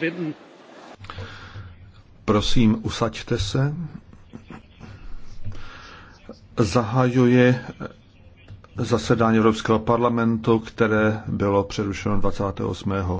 Mm. Prosím, usaďte se. Zahajuje zasedání Evropského parlamentu, které bylo přerušeno 28.